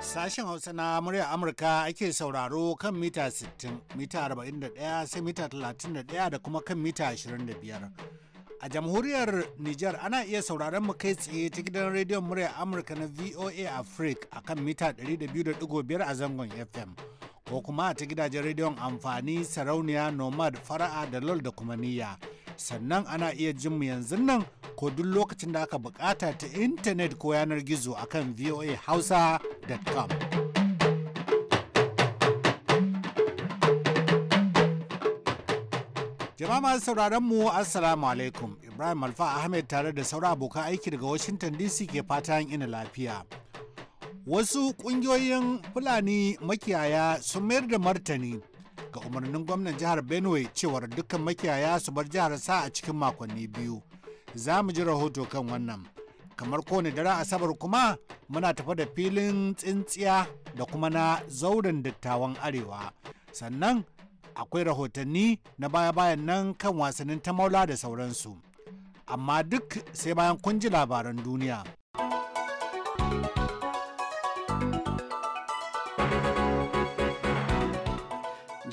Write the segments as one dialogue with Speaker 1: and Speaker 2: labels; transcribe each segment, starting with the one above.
Speaker 1: Sashen Hausa na murya Amurka ake sauraro kan mita 60, mita 41 sai mita 31 da kuma kan mita 25. A jamhuriyar Nijar ana iya sauraron mu kai tsaye ta gidan rediyon murya Amurka na VOA Africa a kan mita 200.5 a zangon FM. Ko kuma ta gidajen rediyon amfani sarauniya Nomad Fara'a da LOL da kuma niyya. sannan ana iya jin mu yanzu nan ko duk lokacin da aka bukata ta intanet ko yanar gizo akan voahausa.com. Jama'a masu sauraron mu Assalamu alaikum Ibrahim Alfa Ahmed tare da saura abokan aiki daga Washington DC ke fatan ina lafiya. Wasu ƙungiyoyin Fulani makiyaya sun mayar da martani ga umarnin gwamnan jihar benue cewar dukkan makiyaya su bar jihar sa a cikin makonni biyu za mu ji rahoto kan wannan kamar kowane dare asabar kuma muna tafa da filin tsintsiya da kuma na zauren dattawan arewa sannan akwai rahotanni na baya-bayan nan kan wasannin ta maula da sauransu amma duk sai bayan kun ji labaran duniya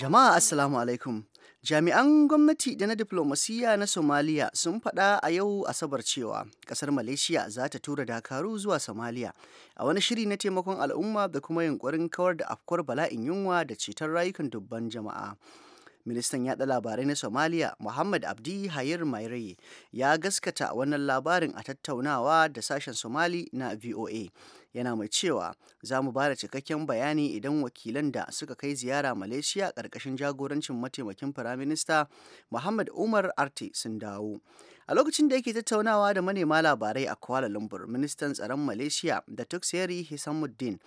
Speaker 2: Jama'a Assalamu alaikum. Jami'an gwamnati da na diplomasiya na Somaliya sun faɗa a yau Asabar cewa ƙasar Malaysia za ta tura dakaru zuwa Somalia, a wani shiri na taimakon al'umma da kuma yunkurin kawar da afkuwar bala'in yunwa da ceton rayukan dubban jama'a. ministan yaɗa labarai na somaliya muhammad abdi hayir Mairi, ya gaskata wannan labarin a tattaunawa da sashen somali na voa yana mai cewa za mu ba da cikakken bayani idan wakilan da suka kai ziyara malaysia ƙarƙashin jagorancin mataimakin firaminista muhammad umar arte sun dawo a lokacin da yake tattaunawa da manema labarai a kuala lumpur ministan tsaron malaysia da tuxeri hisamuddin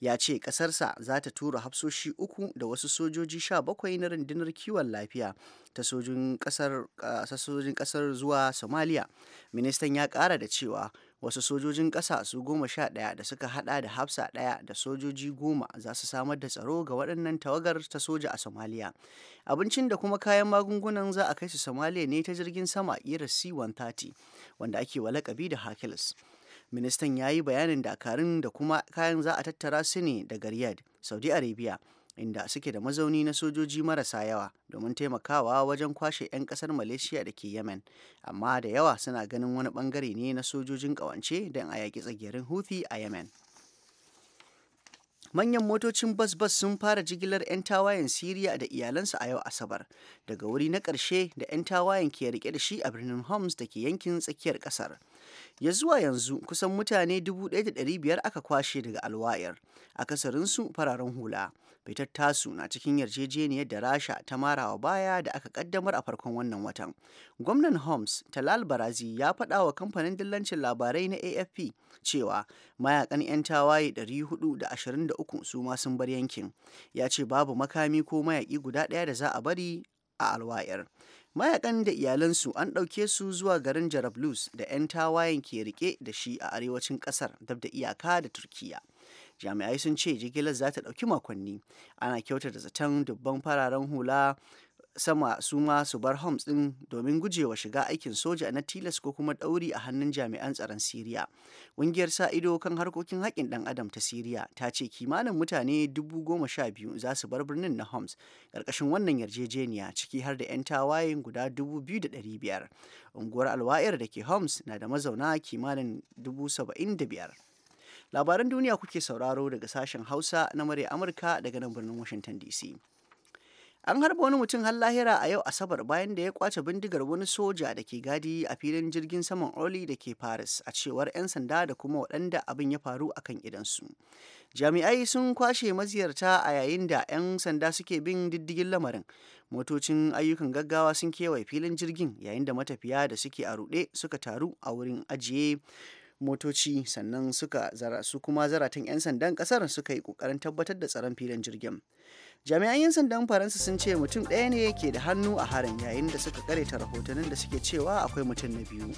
Speaker 2: ya ce ƙasarsa za ta tura hafsoshi uku da wasu sojoji sha bakwai na rundunar kiwon lafiya ta sojojin ƙasar zuwa somalia ministan ya ƙara da cewa wasu sojojin ƙasa su goma sha ɗaya da suka haɗa da hafsa ɗaya da sojoji goma za su samar da tsaro ga waɗannan tawagar ta soja a somaliya abincin da kuma kayan magungunan za a kai su somaliya ne ta jirgin sama irin c-130 wanda ake wa lakabi da hercules ministan ya yi bayanin dakarun da kuma kayan za a tattara su ne daga riyadh saudi arabia inda suke da mazauni na sojoji marasa yawa domin taimakawa wajen kwashe 'yan kasar malaysia da ke yemen amma da yawa suna ganin wani bangare ne na sojojin kawance don a yaƙi tsagerin houthi a yemen manyan motocin bas-bas sun fara jigilar 'yan tawayen syria da iyalansu a yau asabar daga wuri na ƙarshe da 'yan tawayen ke rike da shi a birnin homs da ke yankin tsakiyar ƙasar ya zuwa yanzu kusan mutane 1,500 aka kwashe daga alwa'ir akasarinsu fararen hula fitar tasu na cikin yarjejeniyar da rasha ta marawa baya da aka kaddamar a farkon wannan watan gwamnan homs talal barazi ya faɗa wa kamfanin dillancin labarai na afp cewa mayakan 'yan tawaye 423 su ma sun bar yankin ya ce babu makami ko mayaki guda ɗaya da za a bari a alwa'ir mayakan da iyalansu an ɗauke su zuwa garin jarablus da 'yan tawayen ke rike da shi a arewacin ƙasar dab da iyaka da turkiya jami'ai sun ce jigilar za ta ɗauki makonni ana kyautar da zaton dubban fararen hula sama su ma su bar Homs ɗin domin gujewa shiga aikin soja na tilas ko kuma ɗauri a hannun jami'an tsaron Siriya. Ƙungiyar sa ido kan harkokin haƙƙin ɗan adam ta Siriya ta ce kimanin mutane dubu goma sha biyu za su bar birnin na Homs ƙarƙashin wannan yarjejeniya ciki har da 'yan tawayen guda dubu biyu da ɗari biyar. Unguwar Alwa'ir da ke Homs na da mazauna kimanin dubu saba'in da biyar. Labaran duniya kuke sauraro daga sashen Hausa na murya Amurka daga nan birnin Washington DC. an harba wani mutum har lahira a yau asabar bayan da ya kwace bindigar wani soja da ke gadi a filin jirgin saman oli da ke paris a cewar 'yan sanda da kuma waɗanda abin ya faru a kan idansu jami'ai sun kwashe maziyarta a yayin da 'yan sanda suke bin diddigin lamarin motocin ayyukan gaggawa sun kewaye filin jirgin yayin da matafiya da suke a ruɗe suka taru a wurin ajiye motoci sannan suka zara su kuma zaratan 'yan sandan kasar suka yi kokarin tabbatar da tsaron filin jirgin jami'an 'yan sandan faransa sun ce mutum ɗaya ne ke da hannu a harin yayin da suka kareta rahotannin da suke cewa akwai mutum na biyu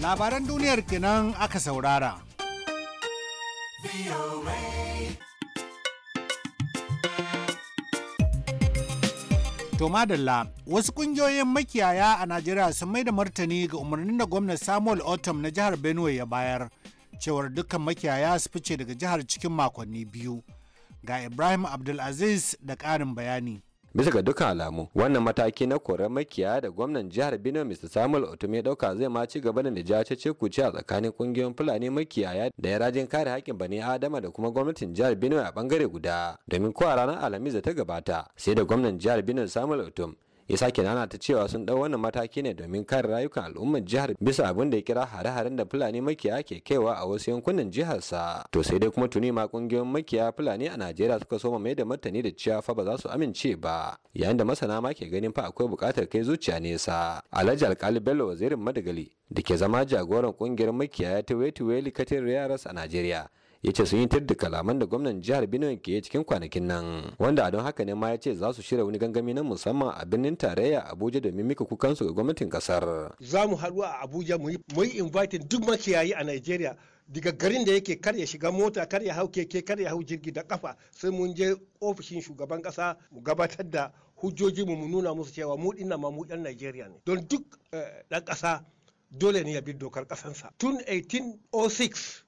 Speaker 1: labaran duniyar kenan aka saurara. To madalla wasu kungiyoyin makiyaya a Najeriya sun mai da martani ga umarnin da gwamnan Samuel Otom na jihar Benue ya bayar cewar dukkan makiyaya su fice daga jihar cikin makonni biyu. Ga Ibrahim Abdulaziz da ƙarin bayani.
Speaker 3: bisa ga dukkan alamu wannan mataki na koran makiya da gwamnan jihar Benue Mr Samuel Otume dauka zai ma ci gaba da nija ce ce a tsakanin kungiyoyin Fulani makiyaya da ya rajin kare haƙƙin bani Adama da kuma gwamnatin jihar Benue a bangare guda domin kowa ranar Alhamis da ta gabata sai da gwamnan jihar Benue Samuel Otum ya sake nana ta cewa sun ɗau wannan mataki ne domin kare rayukan al'ummar jihar bisa abin da ya kira hare-haren da fulani makiya ke kaiwa a wasu yankunan jihar sa to sai dai kuma tuni ma kungiyoyin makiya fulani a najeriya suka soma mai da martani da cewa fa ba za su amince ba yayin da masana ma ke ganin fa akwai buƙatar kai zuciya nesa alhaji alkali bello wazirin madagali da ke zama jagoran kungiyar makiyaya ta wetu weli katin a najeriya ya ce sun yi tirda da kalaman da gwamnan jihar Benue ke cikin kwanakin nan wanda a don haka ne ma ya ce za su shirya wani gangami na musamman a birnin tarayya Abuja domin mika kukansu ga gwamnatin kasar.
Speaker 1: Za mu haɗu a Abuja mu yi inviting duk makiyayi a Nigeria daga garin da yake kar ya shiga mota kar ya hau keke kar ya hau jirgi da kafa sai mun je ofishin shugaban kasa mu gabatar da hujjoji mu mu nuna musu cewa mu dinna ma mu yan Najeriya ne don duk dan eh, kasa dole ne ya bi dokar kasansa tun 1806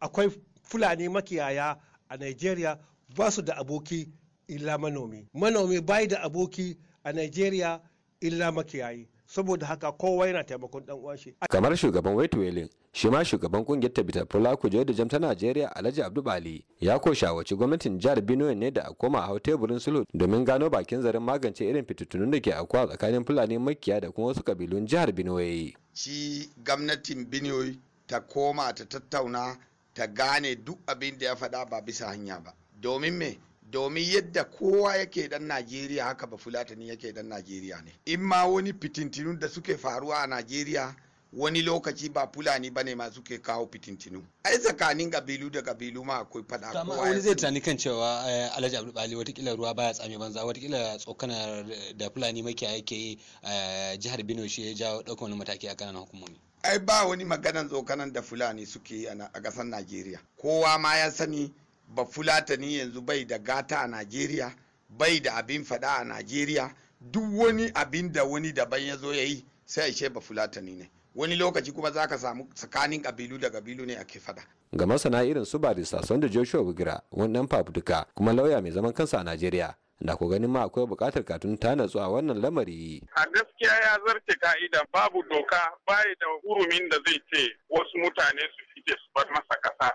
Speaker 1: akwai fulani makiyaya a nigeria ba su da aboki illa manomi manomi bai da aboki a nigeria illa makiyayi saboda
Speaker 4: haka kowa yana taimakon dan uwan shi
Speaker 3: kamar shugaban waitwelin shi ma shugaban kungiyar tabita fula kujo da jam ta najeriya alhaji abdu bali ya ko shawarci gwamnatin jihar benue ne da a koma a hau teburin sulu domin gano bakin zarin magance irin fitattunun da ke akwa tsakanin fulani makiya da kuma wasu kabilun jihar benue shi gwamnatin benue ta koma ta tattauna ta gane duk abin da ya faɗa ba bisa hanya ba domin me domin yadda kowa yake dan najeriya haka ba fulatani yake dan najeriya ne in ma wani fitintinu da suke faruwa a najeriya wani lokaci ba fulani ba ne masu ke kawo fitintinu ai tsakanin kabilu da gabilu ma akwai fada kama wani zai tunani kan cewa eh, alhaji abdul bali watakila ruwa baya tsami banza watakila tsokanar da fulani makiya yake yi eh, jihar benue shi ya jawo ɗaukar wani mataki a kananan hukumomi ai ba wani maganan tsokanan da fulani suke yi a ƙasar najeriya kowa ma ya sani ba fulatani yanzu bai da gata a najeriya bai da abin faɗa a najeriya duk wani abin da wani daban ya zo ya yi sai ishe ce ba fulatani ne wani lokaci kuma za ka samu tsakanin kabilu da kabilu ne ake faɗa? ga masana irin su barista da joshua wigira wannan fafutuka kuma lauya mai zaman kansa a najeriya da ku ganin ma akwai bukatar katun ta natsu a wannan lamari. A gaskiya
Speaker 5: ya zarce ka'ida babu doka bayi da hurumin da zai ce wasu mutane su suke su bar masa kasa.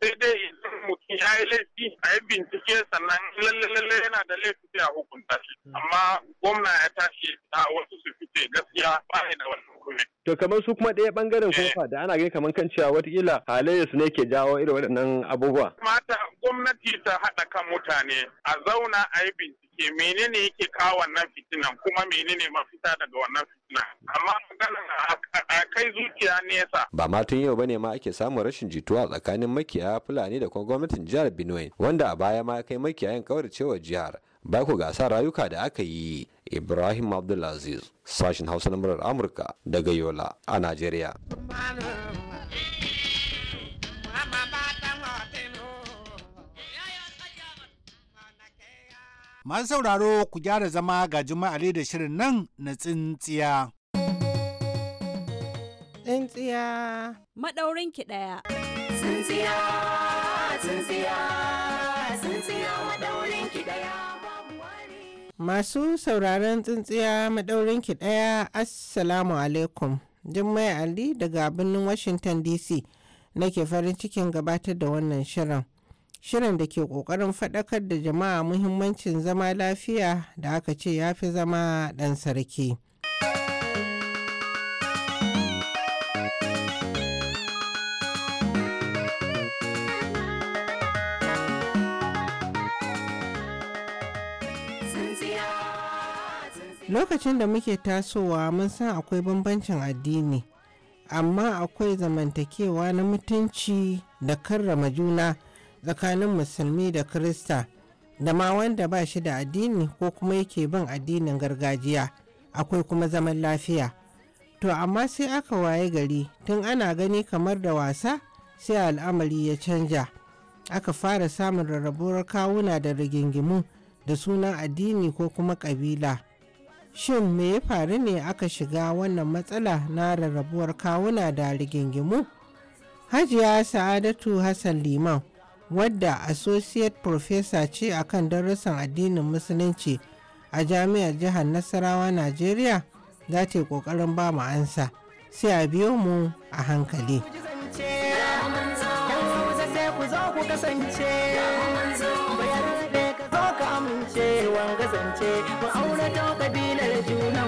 Speaker 5: Sai dai idan mutum ya yi laifi a yi bincike sannan lalle yana da laifi sai a hukunta shi. Amma gwamna ya tashi a wasu su fice gaskiya ba da wannan
Speaker 4: kuɗi. To kamar su kuma ɗaya ɓangaren kofa eh. da ana gani kamar kan cewa watakila su ne ke jawo irin waɗannan abubuwa.
Speaker 5: Mata gwamnati ta haɗa kan mutane a zauna a yi bincike. yake menene yake kawo wannan fitinan kuma menene mafita daga wannan fitina amma a kai zuciya nesa
Speaker 3: ba ma tun yau bane ma ake samun rashin jituwa tsakanin makiyaya fulani da kuma gwamnatin jihar Benue wanda a baya ma kai makiyayan cewa jihar ba ku gasa rayuka da aka yi Ibrahim Abdulaziz sashen Hausa na murar Amurka daga Yola a Najeriya
Speaker 1: Masu sauraro ku gyara zama ga juma'ali da shirin nan na tsintsiya.
Speaker 6: Tsintsiya. ki ɗaya.
Speaker 7: Tsintsiya, tsintsiya, tsintsiya ki ɗaya.
Speaker 6: Masu sauraron tsintsiya maɗaurinki ɗaya Assalamu alaikum. Jummai Ali daga birnin Washington DC nake farin cikin gabatar da wannan shirin. shirin da ke ƙoƙarin faɗakar da jama'a muhimmancin zama lafiya da aka ce ya fi zama ɗan sarki. Lokacin da muke tasowa mun san akwai bambancin addini, amma akwai zamantakewa na mutunci da karrama juna. tsakanin musulmi da krista da ma wanda ba shi da addini ko kuma yake bin addinin gargajiya akwai kuma zaman lafiya to amma sai aka waye gari tun ana gani kamar da wasa sai al'amari ya canja aka fara samun rarrabuwar kawuna da rigingimu da sunan addini ko kuma ƙabila shin me ya faru ne aka shiga wannan matsala na rarrabuwar kawuna da rigingimu hajiya sa'adatu hassan liman wadda associate professor ce akan darussan addinin musulunci a jami'ar jihar nasarawa najeriya za ta yi kokarin ba mu ansa sai a biyo mu a hankali
Speaker 7: kasance junan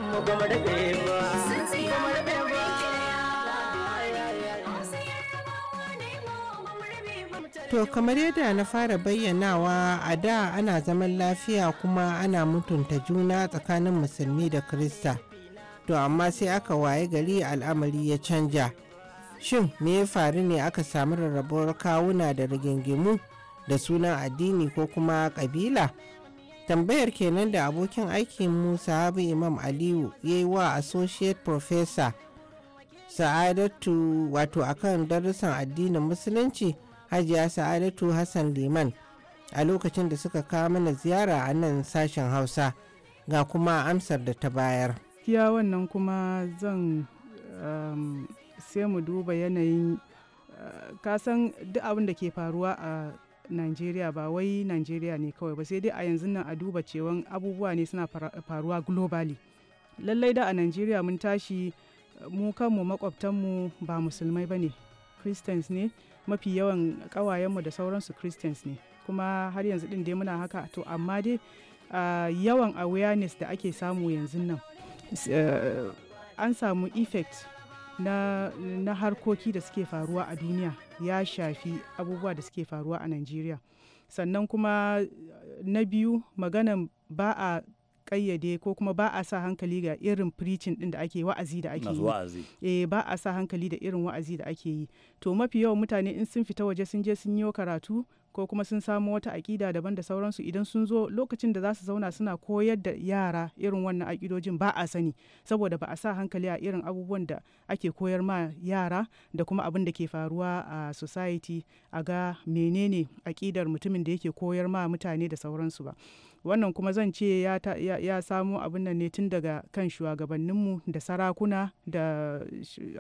Speaker 6: To kamar yadda na fara bayyanawa a da ana zaman lafiya kuma ana mutunta juna tsakanin musulmi da Krista. To amma sai aka waye gari al'amari ya canja. Shin me ya faru ne aka samu rarrabuwar kawuna da rigingimu da sunan addini ko kuma ƙabila? Tambayar kenan da abokin aikin Musa Habu Imam Aliyu ya yi wa Associate Professor Sa'adatu wato akan darussan addinin Musulunci. hajiya sa'adatu hassan liman a lokacin da suka kawo mana ziyara a nan sashen hausa ga kuma amsar da ta bayar
Speaker 8: ya wannan kuma zan um, sai mu duba yanayin uh, kasan duk abin da ke faruwa a nigeria ba wai nigeria ne kawai ba sai dai a yanzu nan a duba cewan abubuwa ne suna faruwa globally. Lallai da a nigeria mun tashi mu kanmu makwabtanmu ba musulmai ba ne, Christians ne, mafi yawan kawayenmu da sauransu christians ne kuma har yanzu din dai muna haka to amma dai yawan awareness da ake samu yanzu nan eh, an samu effect na, harkoki da suke faruwa a duniya ya shafi abubuwa da suke faruwa a nigeria Sannan kuma na biyu maganan ba a kayyade ko kuma ba a sa hankali ga irin preaching din da ake wa'azi da ake yi eh ba a sa hankali da irin wa'azi da ake yi to mafi yawan mutane in sun fita waje sun je sun yi karatu ko kuma sun samu wata aƙida daban da sauransu idan sun zo lokacin da za su zauna suna koyar da yara irin wannan aƙidojin ba a sani saboda ba a sa hankali a irin abubuwan da ake koyar ma yara da kuma abin da ke faruwa a society a ga menene aƙidar mutumin da yake koyar ma mutane da sauransu ba wannan kuma zan ce ya, ya, ya samo abin nan ne tun daga kan shugabanninmu da sarakuna da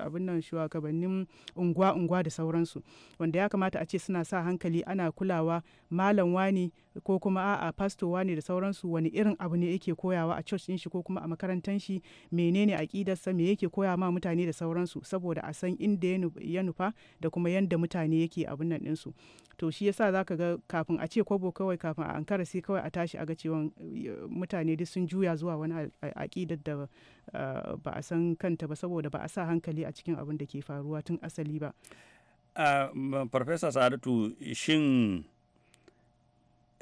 Speaker 8: abin nan shugabannin unguwa-unguwa da sauransu wanda ya kamata a ce suna sa hankali ana kulawa malam wani ko kuma a'a pasto wani da sauransu wani irin abu ne yake koyawa a church shi ko kuma a makarantar shi menene aƙidarsa me yake koya ma mutane da sauransu saboda a san inda ya nufa da kuma yanda mutane yake abin nan ɗinsu to shi yasa zaka ga kafin a ce kwabo kawai kafin a ankara sai kawai a tashi a ga cewa eh, mutane duk sun juya zuwa wani aƙidar da eh, ba a san kanta ba saboda ba a sa hankali a cikin abin da ke faruwa tun asali ba
Speaker 9: farfesa sadatu shin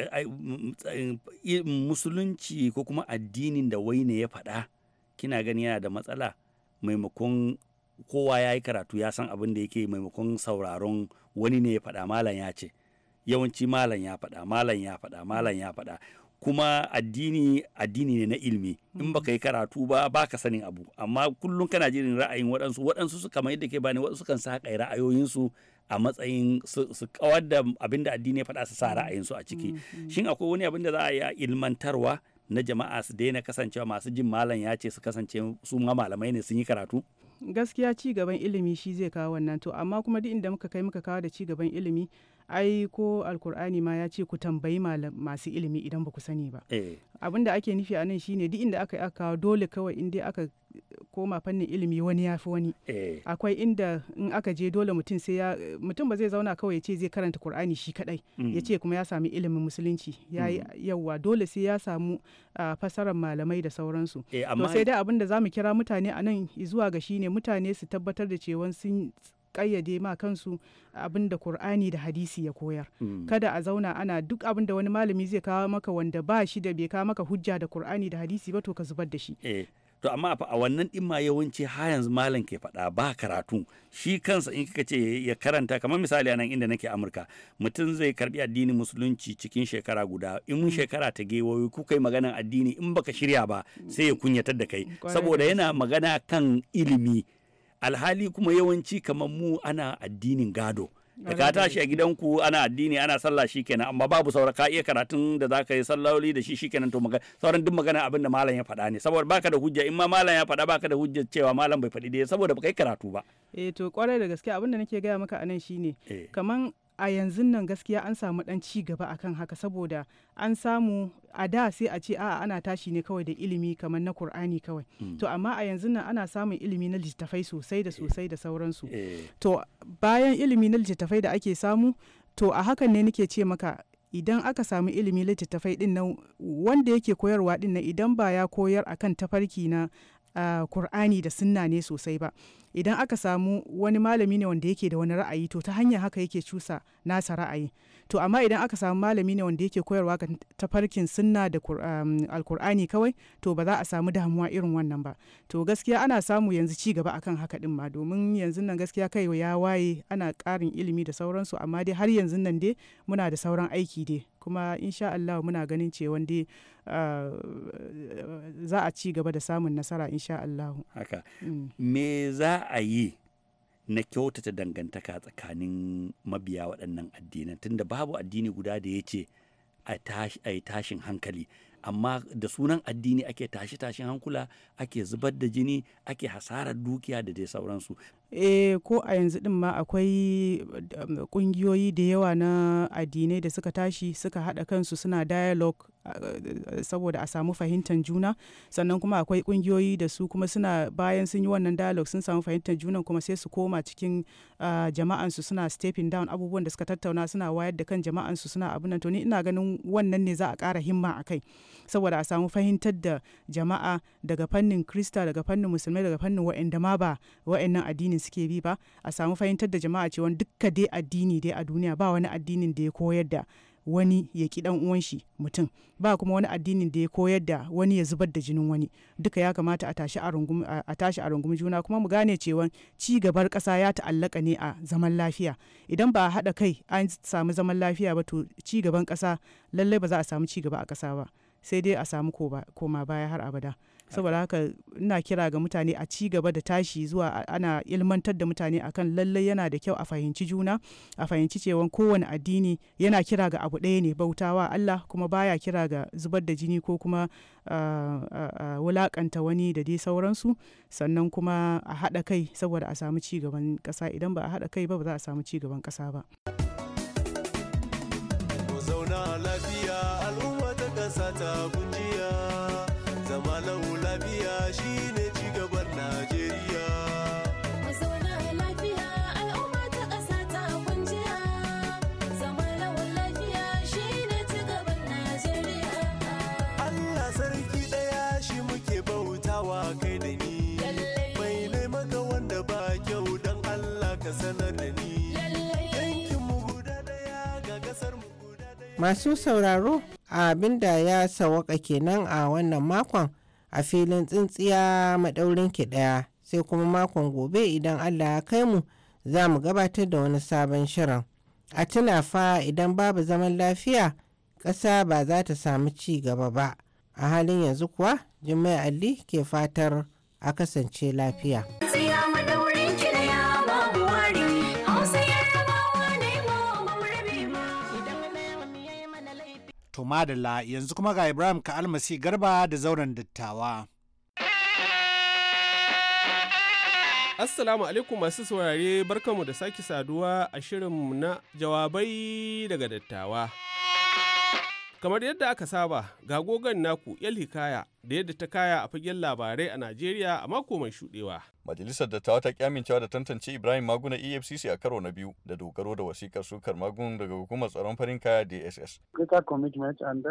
Speaker 9: eh, mm, mm, musulunci ko kuma addinin da wai ne ya faɗa kina gani yana da matsala maimakon kowa ya yi karatu ya san abin da yake maimakon sauraron wani ne ya faɗa malam ya ce yawanci malam ya faɗa malam ya faɗa malam ya faɗa kuma addini addini ne na ilmi in baka yi karatu ba baka sanin abu amma kullum kana jirin ra'ayin waɗansu waɗansu su kamar yadda ke bani waɗansu kan sa ra'ayoyinsu a matsayin su kawar da abin da addini ya faɗa su sa ra'ayinsu a ciki mm-hmm. shin akwai wani abin da za a yi a ilmantarwa na jama'a su daina kasancewa masu jin malam ya ce su kasance su ma malamai ne sun yi karatu
Speaker 8: gaskiya ci gaban ilimi shi zai kawo wannan to amma kuma duk inda muka kai muka kawo da ci gaban ilimi ai ko alkur'ani ma ya ce ku tambayi masu ilimi idan ba ku sani ba eh. abin da ake nufi a nan shine duk inda aka aka dole kawai in aka koma fannin ilimi wani ya fi wani eh. akwai inda in aka je dole mutum sai ya mutum ba zai zauna kawai ya ce zai karanta qur'ani shi kadai mm. ya ce kuma ya sami ilimin musulunci ya mm. yawa dole sai ya samu fasarar malamai da sauransu eh, to sai dai abin da zamu kira mutane a nan zuwa ga shine mutane su tabbatar da cewa sun kayyade ma kansu abin da Kur'ani da hadisi ya koyar. Hmm. Kada a zauna ana duk abin da wani malami zai kawo maka wanda ba shi da bai kawo maka hujja da Kur'ani da hadisi ba to ka zubar da shi.
Speaker 9: Eh, to amma a wannan din ma yawanci ha yanzu malam ke faɗa ba karatu shi kansa in kika ce ya karanta kamar misali anan inda nake amurka mutum zai karbi addinin musulunci cikin shekara guda in hmm. shekara ta gewayo kuka yi maganan addini in baka shirya ba hmm. sai ya kunyatar da kai saboda yana magana kan ilimi alhali kuma yawanci kamar mu ana addinin gado da ka tashi a gidanku ana addini ana sallah shikenan amma babu saura ka iya karatun da zaka yi salloli da shi shikenan to sauran duk magana abin da malam ya faɗa ne saboda baka da hujja in ma malam ya faɗa baka da hujja cewa malam bai faɗi dai saboda baka yi karatu ba
Speaker 8: eh to kwarai da gaske abin da nake gaya maka anan shine eh. kaman a yanzu nan gaskiya an samu dan ci gaba akan haka saboda an samu a da sai a ce a'a ana tashi ne kawai da ilimi kamar na Kur'ani kawai hmm. to amma a yanzu nan ana samun ilimi na littattafai sosai da eh. sosai da sauransu eh. to bayan ilimi na littattafai da ake samu to a hakan ne nake ce maka idan aka samu ilimi littattafai din nan wanda yake koyarwa din nan idan ba ya koyar akan tafarki na kur'ani da sunna ne sosai ba idan aka samu wani malami ne wanda yake da wani ra'ayi to ta hanyar haka yake cusa nasa ra'ayi to amma idan aka samu malami ne wanda yake koyarwa ta farkin sunna da alkur'ani kawai to ba za a samu damuwa irin wannan ba to gaskiya ana samu yanzu ci gaba akan haka din ma domin yanzu nan gaskiya kai ya waye ana karin ilimi da sauransu amma dai har yanzu nan dai muna da sauran aiki dai kuma insha Allah muna ganin ce wanda ah, za a ci gaba da samun nasara insha Allah
Speaker 9: haka mm. me za a yi na kyautata dangantaka tsakanin mabiya waɗannan addinan tunda babu addini guda da ya ce a yi tashin hankali amma da sunan addini ake tashi tashin hankula ake zubar da jini ake hasarar
Speaker 8: dukiya da dai sauransu E ko a yanzu din ma akwai kungiyoyi um, da yawa na addinai da suka tashi suka hada kansu suna dialogue uh, saboda a samu fahimtar juna sannan kuma akwai kungiyoyi da su kuma suna bayan sun yi wannan dialogue sun samu fahimtar juna kuma sai su koma cikin uh, jama'ansu suna stepping down abubuwan da suka tattauna suna wayar da kan jama'ansu suna abin nan to ni ina ganin wannan ne za a ƙara himma a kai saboda a samu fahimtar da jama'a daga fannin krista daga fannin musulmai daga fannin wa'anda ma ba wa'annan addini addinin suke bi ba a samu fahimtar da jama'a cewa dukka dai addini dai a duniya ba wani addinin da ya koyar da wani ya ki dan uwan shi mutum ba kuma wani addinin da ya koyar da wani ya zubar da jinin wani duka ya kamata a tashi a rungumi juna kuma mu gane cewa ci gabar kasa ya ta'allaka ne a zaman lafiya idan ba a haɗa kai an samu zaman lafiya ba to ci gaban kasa lallai ba za a samu ci gaba a kasa ba sai dai a samu koma baya har abada saboda haka ina kira ga mutane a ci gaba da tashi zuwa ana ilmantar da mutane akan lallai yana da kyau a fahimci juna a fahimci cewa kowane addini yana kira ga abu ɗaya ne bautawa Allah kuma baya kira ga zubar da jini ko kuma wulakanta wani da dai sauransu sannan kuma a haɗa kai saboda a samu ci gaban ƙasa idan ba a haɗa kai ba ba za a samu ci gaban ƙasa ba.
Speaker 4: zauna lafiya al'umma
Speaker 6: masu sauraro abin da ya sawaka kenan a wannan makon a filin tsintsiya maɗaurin ki ɗaya sai kuma makon gobe idan allah ya kai mu za mu gabatar da wani sabon shirin a tuna fa idan babu zaman lafiya ƙasa ba za ta samu ci gaba ba a halin yanzu kuwa jimai ali ke fatar a kasance lafiya.
Speaker 1: To madalla yanzu kuma ga Ibrahim ka almasi garba da zauren dattawa.
Speaker 4: Assalamu alaikum masu saurare barkanmu da sake saduwa a shirinmu na jawabai daga dattawa. Kamar yadda aka saba, ga gogon naku yal Hikaya da yadda ta kaya a fagen labarai a Najeriya a mako mai shudewa. Majalisar Dattawa ta kyamincewa da tantance Ibrahim Maguna EFCC a karo na biyu da dogaro da wasikar
Speaker 3: sukar magun daga hukumar tsaron farin kaya DSS. and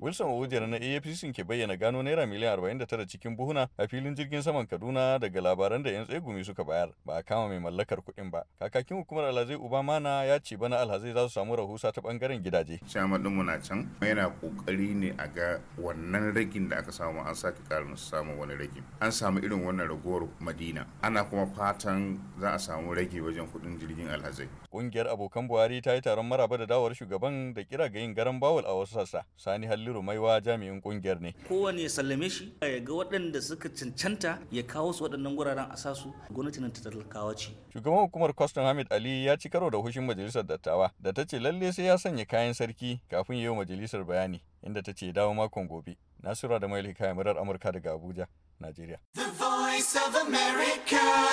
Speaker 3: Wilson na EFCC ke bayyana gano naira miliyan 49 cikin buhuna a filin jirgin saman Kaduna daga labaran da 'yan tsegumi suka bayar ba a kama mai mallakar kuɗin ba. Kakakin hukumar Alhazai Ubamana ya ce bana Alhazai za su samu rahusa ta bangaren gidaje.
Speaker 5: Chairman ɗinmu na can yana ƙoƙari ne a ga wannan ragin da aka samu an sake karin samun wani ragin an samu irin wannan ragowar madina ana kuma fatan za a samu rage wajen kudin jirgin alhazai
Speaker 3: kungiyar abokan buhari ta yi taron maraba da dawar shugaban da kira ga yin garan bawul a wasu sassa sani halliru maiwa jami'in kungiyar ne kowane ya sallame shi ya ga waɗanda suka cancanta ya kawo su waɗannan guraren a sasu gwamnati ta talakawa ce shugaban hukumar kwastam hamid ali ya ci karo da hushin majalisar dattawa da ta ce lalle sai ya sanya kayan sarki kafin ya yi wa majalisar bayani inda ta ce dawo makon gobe. Nasura da Maili ya murar Amurka daga Abuja, Najeriya.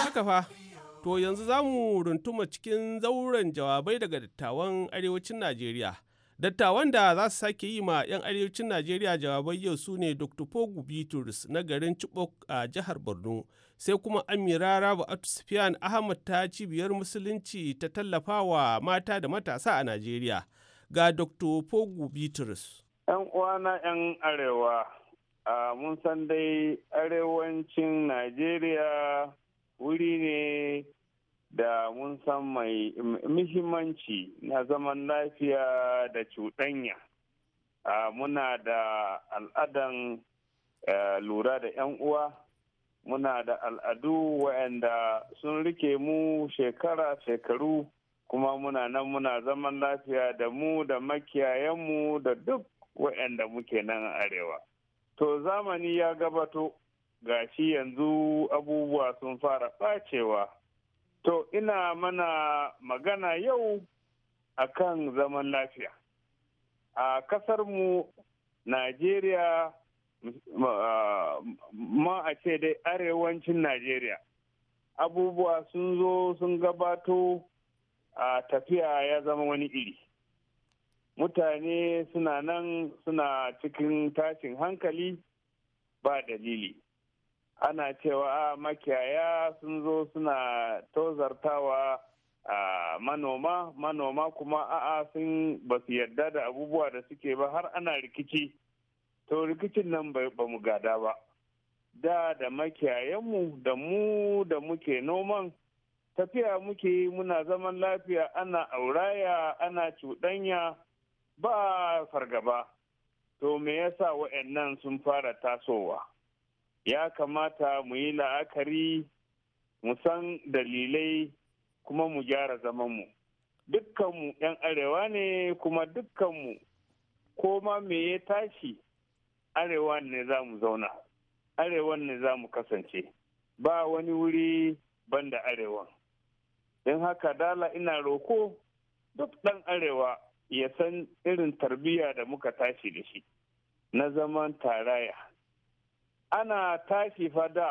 Speaker 4: Haka fa, to yanzu za mu runtuma cikin zauren jawabai daga dattawan arewacin Najeriya. Dattawan da za su sake yi ma 'yan arewacin Najeriya jawabai yau su ne Dr. Pogu Bitrus na garin Chibok a jihar Borno, sai kuma Amira Rabu Atusufiyan Ahmad ta cibiyar Musulunci ta tallafa wa mata da matasa a Najeriya. Ga Dr. Pogu Bitrus.
Speaker 5: 'yan uwana 'yan arewa mun san dai arewacin najeriya wuri ne da mun san mai muhimmanci na zaman lafiya da cuɗanya muna da al'adan lura da 'yan uwa muna da al'adu waɗanda sun rike mu shekara shekaru kuma muna nan muna zaman lafiya da mu da makiyayenmu da duk waɗanda muke nan a arewa to zamani ya gabato gashi yanzu abubuwa sun fara ɓacewa to ina mana magana yau a kan zaman lafiya a ƙasarmu najeriya ma a ce dai arewancin najeriya abubuwa sun zo sun gabato a tafiya ya zama wani iri mutane suna nan suna cikin tashin hankali ba dalili ana cewa ah, makiyaya sun zo suna tozartawa a ah, manoma manoma kuma a'a sun ba su yarda da abubuwa da suke ba har ana rikici to rikicin nan ba mu gada ba da da makiyayenmu da mu da muke noman tafiya muke muna zaman lafiya ana auraya ana cuɗanya ba fargaba to me yasa wa'annan sun fara tasowa ya kamata mu yi la'akari mu san dalilai kuma mu gyara zaman zamanmu dukkanmu 'yan arewa ne kuma dukkanmu ko ma me ya tashi arewa ne za mu zauna arewa ne za mu kasance ba wani wuri banda arewa don haka dala ina roko duk dan arewa ya san irin tarbiyya da muka tashi da shi na zaman taraya ana tashi fada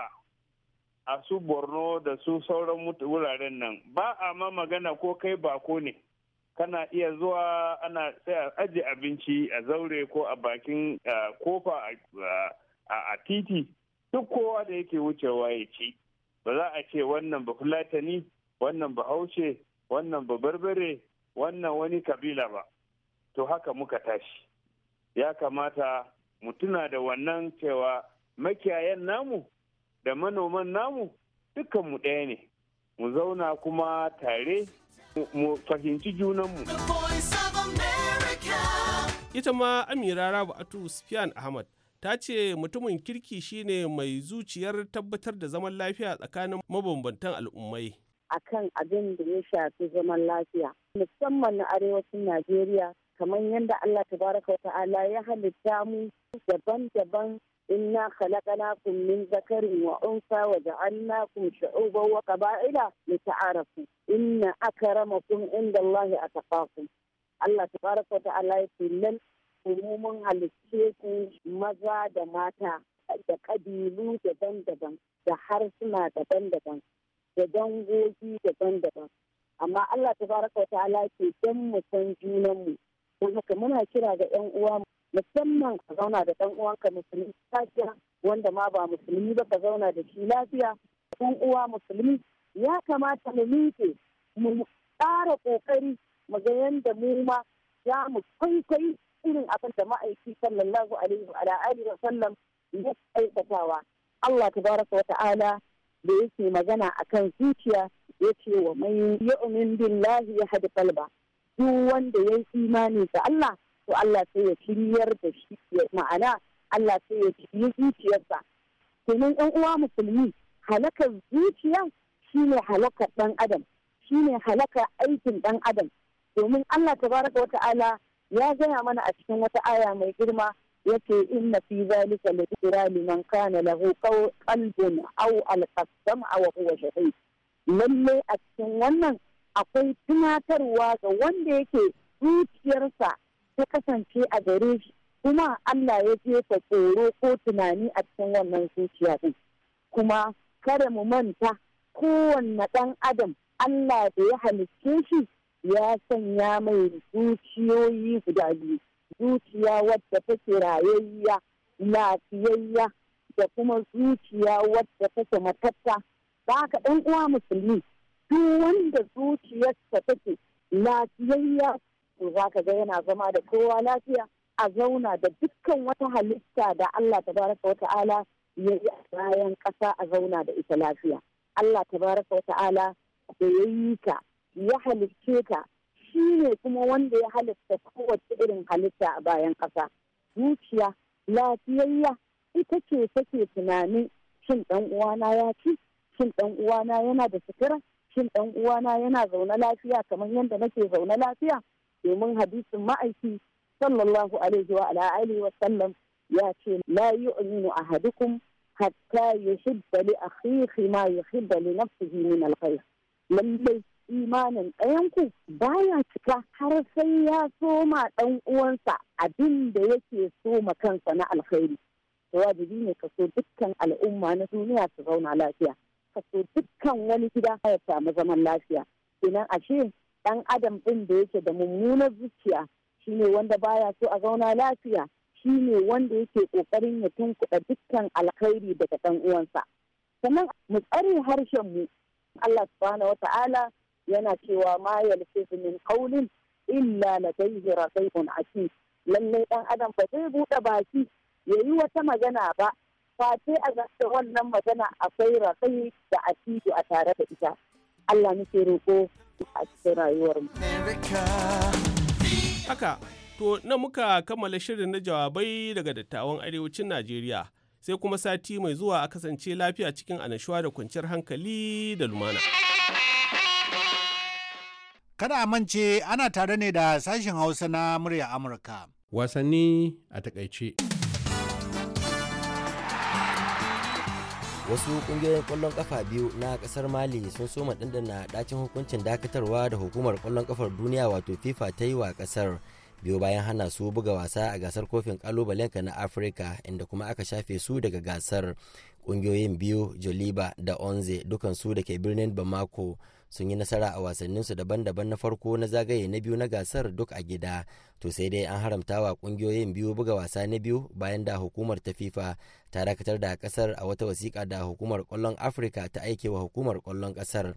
Speaker 5: a su borno da su sauran wuraren nan ba a ma magana ko kai bako ne kana iya zuwa ana sai a abinci a zaure ko a bakin kofa a titi duk kowa da yake wucewa ya ci ba za a ce wannan ba fulatani wannan ba haushe wannan ba barbare wannan wani kabila ba to haka muka tashi ya kamata mu tuna da wannan cewa makiyayan namu da manoman namu dukan mu ɗaya ne mu zauna kuma tare mu fahimci junanmu ita ma amira
Speaker 4: rabu atu sufyan ahmad ta ce mutumin kirki shine mai zuciyar tabbatar da zaman lafiya tsakanin mabambantan al'ummai
Speaker 10: akan abin da ya shafi zaman lafiya musamman na arewacin najeriya kamar yadda Allah tabaraka ta'ala ya halitta mu daban-daban inna khalaqnakum min zakarin wa unsa wa ja'alnakum shu'uban wa qaba'ila lita'arafu inna akramakum indallahi ataqakum Allah tabaraka ta'ala ya ce nan umumin ku maza da mata da ƙabilu daban-daban da harsuna daban-daban da dangogi daban-daban amma Allah tabaraka ta'ala ke dan mu san junanmu don haka muna kira ga 'yan uwa musamman ka zauna da ɗan uwanka musulmi lafiya wanda ma ba musulmi ba ka zauna da shi lafiya dan uwa musulmi ya kamata mu miƙe mu ƙara ƙoƙari mu ga yadda mu ma za mu kwaikwayi irin abin da ma'aiki sallallahu alaihi wa alihi wa sallam ya aikatawa Allah tabaraka wa ta'ala da yake magana akan zuciya yace wa mai yu'min billahi ya hadi qalba duk wanda ya yi imani ga Allah to Allah sai ya shiryar da shi ma'ana Allah sai ya shirye zuciyarsa domin yan uwa musulmi halakar zuciya shine halakar ɗan adam shine halakar aikin ɗan adam domin Allah tabaraka wa ta'ala ya gaya mana a cikin wata aya mai girma yace inna fi zalika la liman kana lahu qalbun aw al-qasam aw huwa shahid lalle a cikin wannan akwai tunatarwa ga wanda yake zuciyarsa ta kasance a gare shi kuma Allah ya jefa tsoro ko tunani a cikin wannan zuciya din kuma kada mu manta kowanne ɗan adam Allah da ya halicce shi ya sanya mai zuciyoyi guda biyu zuciya wadda take rayayya lafiyayya da kuma zuciya wadda take matatta ba ka ɗan uwa musulmi duk wanda zuciyarsa take lafiyayya to za ka ga yana zama da kowa lafiya a zauna da dukkan wata halitta da Allah tabaraka wa ta'ala ya yi a bayan ƙasa a zauna da ita lafiya Allah tabaraka wa ta'ala da ya yi ka ya halicce ka shi ne kuma wanda ya halitta kowace irin halitta a bayan ƙasa zuciya lafiyayya ita ce take tunanin shin ɗan uwana ya ci shin ɗan uwana yana da sutura shin ɗan uwana yana zaune lafiya kamar yadda nake zaune lafiya domin hadisin ma'aiki sallallahu alaihi wa ala alihi wa sallam ya ce la yu'minu ahadukum hatta yuhibba li akhihi ma yuhibba li nafsihi min alkhair lallai imanin ɗayanku baya cika har sai ya soma ɗan uwansa abin da yake soma kansa na alkhairi wajibi ne ka so dukkan al'umma na duniya su zauna lafiya haka dukkan wani gida ya samu zaman lafiya kenan ashe ɗan adam ɗin da yake da mummunar zuciya shine wanda baya so a zauna lafiya shine wanda yake ƙoƙarin ya tunkuɗa dukkan alkhairi daga ɗan uwansa sannan mu tsare harshen mu Allah subhanahu wa ta'ala yana cewa ma yalfizu min qawlin illa ladayhi raqibun atid lallai ɗan adam ba zai buɗe baki yayi wata magana ba fati a gaske wannan magana akwai rakai da atijo a tare da ita Allah muke roƙo a cikin rayuwarmu.
Speaker 4: Haka, to na muka kammala shirin na jawabai daga dattawan arewacin Najeriya sai kuma sati mai zuwa a kasance lafiya cikin anashuwa da kwanciyar hankali da lumana.
Speaker 1: Kada a mance ana tare ne da sashen Hausa na murya Amurka.
Speaker 4: Wasanni a
Speaker 7: takaice. wasu kungiyoyin kwallon kafa biyu na kasar mali sun soma dandana dacin hukuncin dakatarwa da hukumar kwallon kafar duniya wato fifa ta yi wa kasar biyu bayan hana su buga wasa a gasar kofin kalubalenka na afirka inda kuma aka shafe su daga gasar kungiyoyin biyu joliba da onze dukansu da ke birnin bamako sun yi nasara a wasanninsu daban-daban na farko na zagaye na biyu na gasar duk a gida to sai dai an haramtawa wa kungiyoyin biyu buga wasa na biyu bayan da hukumar ta fifa ta dakatar da kasar a wata wasiƙa da hukumar kwallon afirka ta aike wa hukumar kwallon kasar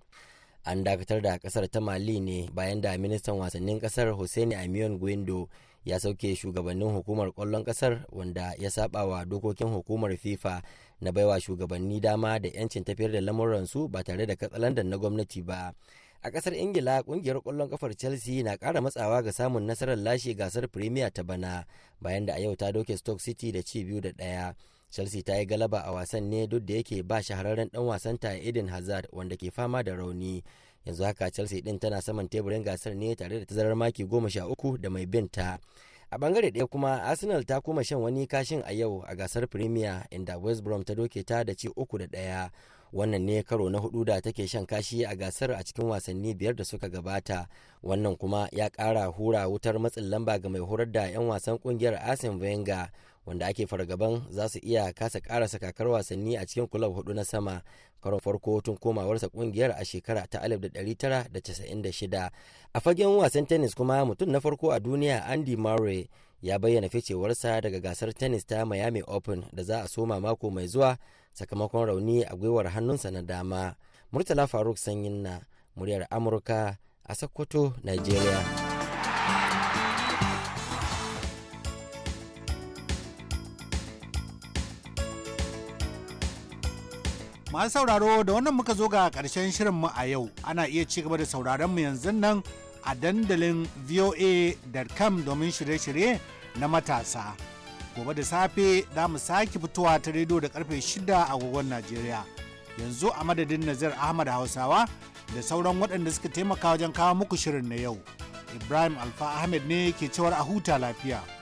Speaker 7: an dakatar da kasar ta mali ne bayan da ministan wasannin kasar hussein amiyon guindo ya sauke shugabannin hukumar kwallon kasar wanda ya saba wa dokokin hukumar fifa na baiwa shugabanni dama da 'yancin tafiyar da lamuransu ba tare da katsalandan na gwamnati ba a kasar ingila kungiyar kwallon kafar chelsea na kara matsawa ga samun nasarar lashe gasar premier ta bana bayan da a yau ta doke stoke city da ci biyu da daya. chelsea ta yi galaba a wasan ne duk da yake ba shahararren dan wasan ta eden hazard wanda ke fama da rauni yanzu haka chelsea din tana saman teburin gasar ne tare da tazarar maki goma sha uku da mai binta a bangare ɗaya kuma arsenal ta koma shan wani kashin a yau a gasar premier inda west brom ta doke ta da ci uku da ɗaya wannan ne karo na hudu da take shan kashi a gasar a cikin wasanni biyar da suka gabata wannan kuma ya ƙara hura wutar matsin lamba ga mai horar da 'yan wasan kungiyar arsene wenger wanda ake fargaban za su iya kasa karasa kakar wasanni a cikin kulab hudu na sama karon farko tun komawarsa kungiyar a shekara ta 1996 a fagen wasan tennis kuma mutum na farko a duniya andy murray ya bayyana ficewarsa daga gasar tennis ta miami open da za a soma mako mai zuwa sakamakon rauni a gwiwar hannunsa na dama murtala faruk sanyin na muryar amurka a sokoto nigeria
Speaker 1: Masu sauraro da wannan muka zo ga ƙarshen mu a yau ana iya ci gaba da sauraron mu yanzu nan a dandalin voa.com domin shirye-shirye na matasa. Gobe da safe za mu sake fitowa ta rediyo da karfe 6 a agogon Najeriya. Yanzu a madadin nazir Ahmad Hausawa da sauran waɗanda suka taimaka wajen kawo muku shirin na yau. Ibrahim Alfa Ahmed ne ke cewar a huta lafiya.